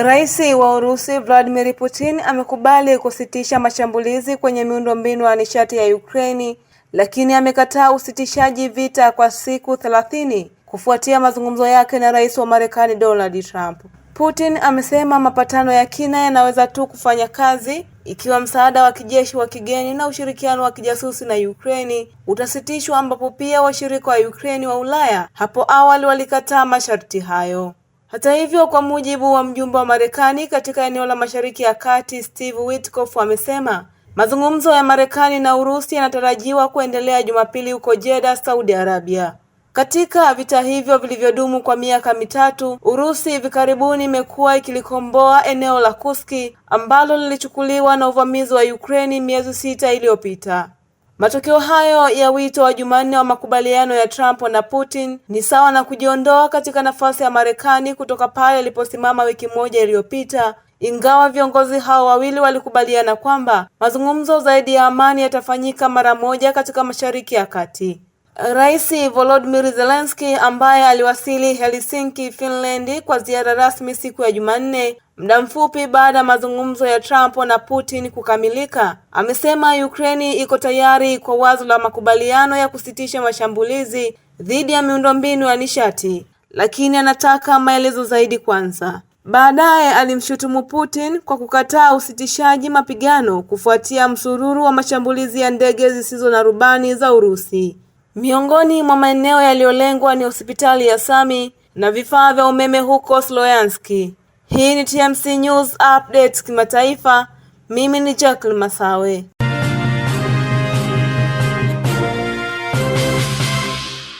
Rais wa Urusi Vladimir Putin amekubali kusitisha mashambulizi kwenye miundombinu ya nishati ya Ukraini, lakini amekataa usitishaji vita kwa siku thelathini kufuatia mazungumzo yake na Rais wa Marekani Donald Trump. Putin amesema mapatano ya kina yanaweza tu kufanya kazi ikiwa msaada wa kijeshi wa kigeni na ushirikiano wa kijasusi na Ukraini utasitishwa, ambapo pia washirika wa Ukraini wa Ulaya hapo awali walikataa masharti hayo. Hata hivyo, kwa mujibu wa mjumbe wa Marekani katika eneo la Mashariki ya Kati, Steve Witkoff amesema mazungumzo ya Marekani na Urusi yanatarajiwa kuendelea Jumapili huko Jeddah, Saudi Arabia. Katika vita hivyo vilivyodumu kwa miaka mitatu, Urusi hivi karibuni imekuwa ikilikomboa eneo la Kuski ambalo lilichukuliwa na uvamizi wa Ukraine miezi sita iliyopita. Matokeo hayo ya wito wa Jumanne wa makubaliano ya Trump na Putin ni sawa na kujiondoa katika nafasi ya Marekani kutoka pale iliposimama wiki moja iliyopita, ingawa viongozi hao wawili walikubaliana kwamba mazungumzo zaidi ya amani yatafanyika mara moja katika Mashariki ya Kati. Rais Volodymyr Zelensky ambaye aliwasili Helsinki, Finland kwa ziara rasmi siku ya Jumanne Muda mfupi baada ya mazungumzo ya Trump na Putin kukamilika, amesema Ukraine iko tayari kwa wazo la makubaliano ya kusitisha mashambulizi dhidi ya miundombinu ya nishati, lakini anataka maelezo zaidi kwanza. Baadaye alimshutumu Putin kwa kukataa usitishaji mapigano kufuatia msururu wa mashambulizi ya ndege zisizo na rubani za Urusi. Miongoni mwa maeneo yaliyolengwa ni hospitali ya Sami na vifaa vya umeme huko Sloyanski. Hii ni TMC News Update kimataifa. Mimi ni Jacqueline Masawe.